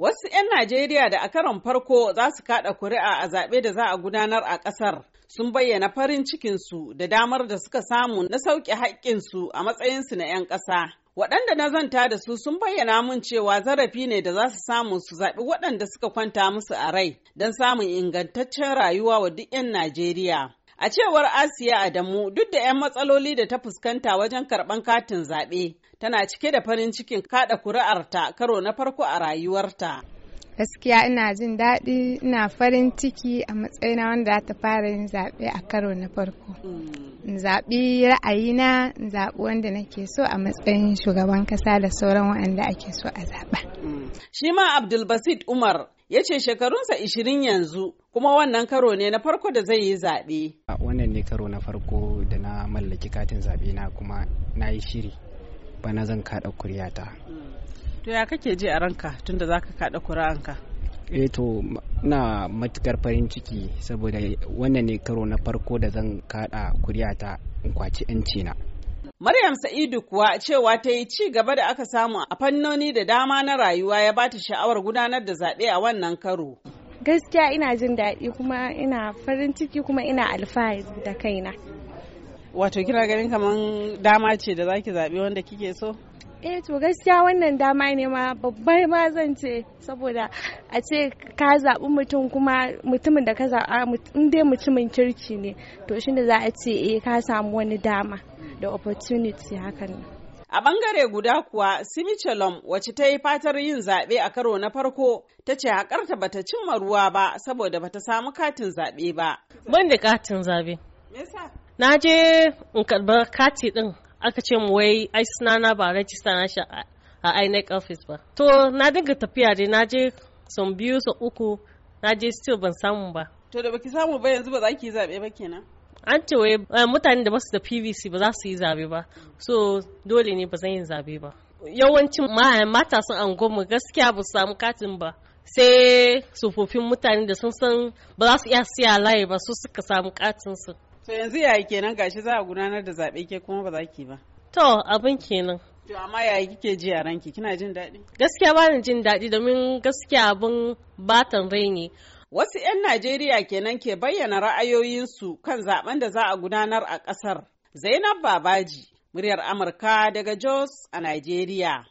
Wasu 'yan Najeriya da a karon farko za su kada kuri'a a zaɓe da za a gudanar a ƙasar sun bayyana farin cikinsu da damar da suka samu na sauƙi haƙƙinsu a matsayinsu na 'yan ƙasa. Waɗanda na zanta da su sun bayyana mun cewa zarafi ne da za su samu su zaɓi waɗanda suka kwanta musu a rai don samun ingantaccen rayuwa wa duk 'yan Najeriya. A cewar Asiya Adamu duk da 'yan matsaloli da ta fuskanta wajen karɓan katin zaɓe tana cike da farin cikin kaɗa kuri'arta karo na farko a rayuwarta. Gaskiya ina jin daɗi ina farin ciki a matsayina wanda ta fara yin zaɓe a karo na farko. zaɓi ra'ayina in zaɓi wanda nake so a matsayin shugaban ƙasa da sauran waɗanda ake so a zaɓa. Shi ma Abdulbasit Umar ya ce shekarunsa ishirin yanzu kuma wannan karo ne na farko da zai yi zaɓe. wannan ne karo na farko da na mallaki katin zaɓe na kuma na yi shiri bana zan kaɗa kuryata. Hmm. to ya kake ji a ranka tunda za ka kaɗa kuri'anka E, to na matukar farin ciki saboda wannan ne karo na farko da zan kaɗa kuryata in kwaci 'yanci na. Maryam Sa'idu kuwa cewa ta yi ci gaba da aka samu a fannoni da dama na rayuwa ya bata sha'awar gudanar da zaɓe a wannan karo. Gaskiya ina jin daɗi kuma ina farin ciki kuma ina alfahari da kaina. Wato kira ganin kamar dama ce da zaki zaɓe wanda kike so? Eh to gaskiya wannan dama ne ma babbar ma zan ce saboda a ce ka zaɓi mutum kuma mutumin da ka zaɓa in dai mutumin kirki ne to shi da za a ce eh ka samu wani dama. da opportunity hakan A bangare guda kuwa Simi Chalom wacce ta yi fatar yin zaɓe a karo na farko ta ce haƙarta ta cimma ruwa ba saboda ba ta samu katin zaɓe ba. Ban da katin zaɓe. Na je in karɓar kati ɗin aka ce mu wai ai na ba rajista na shi a INEC office ba. To na dinga tafiya dai na je sun biyu son uku na je still ban samu ba. To da baki samu ba yanzu ba za ki zaɓe ba kenan. an ce wai eh, mutane da basu da pvc ba za su yi zabe ba so dole ne ba zan yi zabe ba yawancin mata sun angonmu gaskiya ba su samu katin ba sai tsofaffin mutane da sun san ba za su iya siya layi ba su suka samu katin su to yanzu yi kenan gashi za a gudanar da zabe ke kuma ba za ki ba to abin kenan To amma yaya kike ji a ranki kina jin daɗi? Gaskiya ba jin daɗi domin gaskiya abin batan rai ne. Wasu 'yan Najeriya kenan ke bayyana ra'ayoyinsu kan zaben da za a gudanar a ƙasar. Zainab Babaji, muryar Amurka daga Jos a Najeriya.